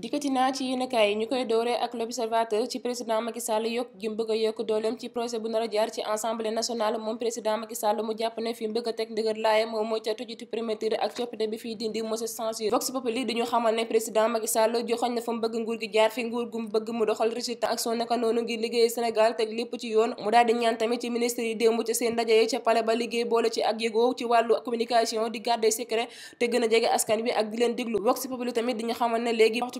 dikkati ci yéenekaay yi ñu koy dooree ak l'observateur ci président Macky yokk gi mu yokk dooleem ci projet bu nar jaar ci assemblée nationale moom président Macky mu jàpp ne fi mu teg ndëgër laaye moom mooy ca tujitu primature ak coppite bi fiy dindi monsieur censure vox populi dañu xamal ne président Macky Sall joxoñ na fa mu nguur gi jaar fi nguur gu mu mu doxal résultat ak son naka noonu ngir liggéey Sénégal te gën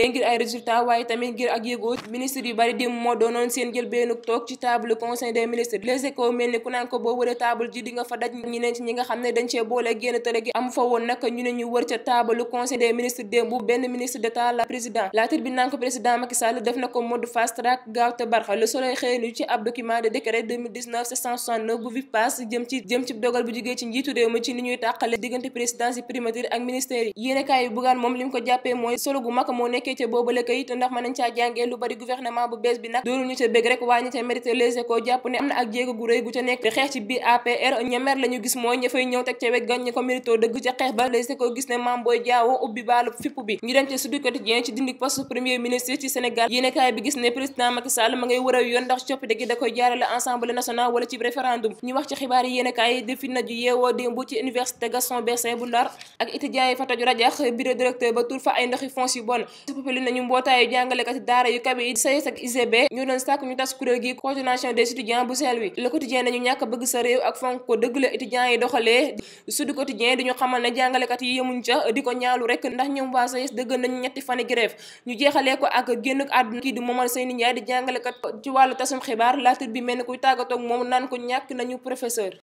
liggéey ngir ay résultats waaye tamit ngir ak yëgoo ministre yu bari démb moo doonoon seen jël toog ci table conseil des ministres les mel ni ku naan ko boo wëree table ji di fa daj ñeneen ci ñi nga xam ne dañ cee boole génn tëre gi am fa woon nag ñu ne ñu wër ca table conseil des ministres démb benn ministre d'état la président la tribune naan ko président Macky Sall def na ko mode fast track gaaw te barxa le soleil xëy nu ci ab nekkee ca boobale kayit ndax mën nañ caa lu bari gouvernement bu bees bi nag doolu ñu ca bëgg rek waaye ñu ca mérité lése koo jàpp ne am na ak jéego gu rëy gu ca xeex ci biir APR ñemer la gis mooy ña fay ñëw teg ci dindi poste premier ministre ci Sénégal yéenekaay bi gis ne président Macky Sall ma ngay wëraw yoon ndax coppite gi da koy jaarale Assemblée nationale wala ci référendum ñu wax ci xibaar yi yéenekaay yi na ju yeewoo démb ci université suppali nañu mbootaayu jàngalekati daara yu kabe yi SAES ak UGB ñu doon sàkk ñu tas kuréel gi coordination des étudiants bu Saint-Louis le quotidien nañu ñàkk bëgg sa réew ak fonk ko dëgg la yi doxalee Sud Quotidien di ñu xamal ne jàngalekat yi yemuñ ca di ko ñaalu rek ndax ñoom waa SAES dëgg nañu ñetti fani grève ñu jeexalee ko ak génn àdduna kii di Momar Seyni Ndiaye di jàngalekat ci wàllu tasum xibaar laatut bi mel ni kuy tàggatook moom naan ko ñàkk nañu professeur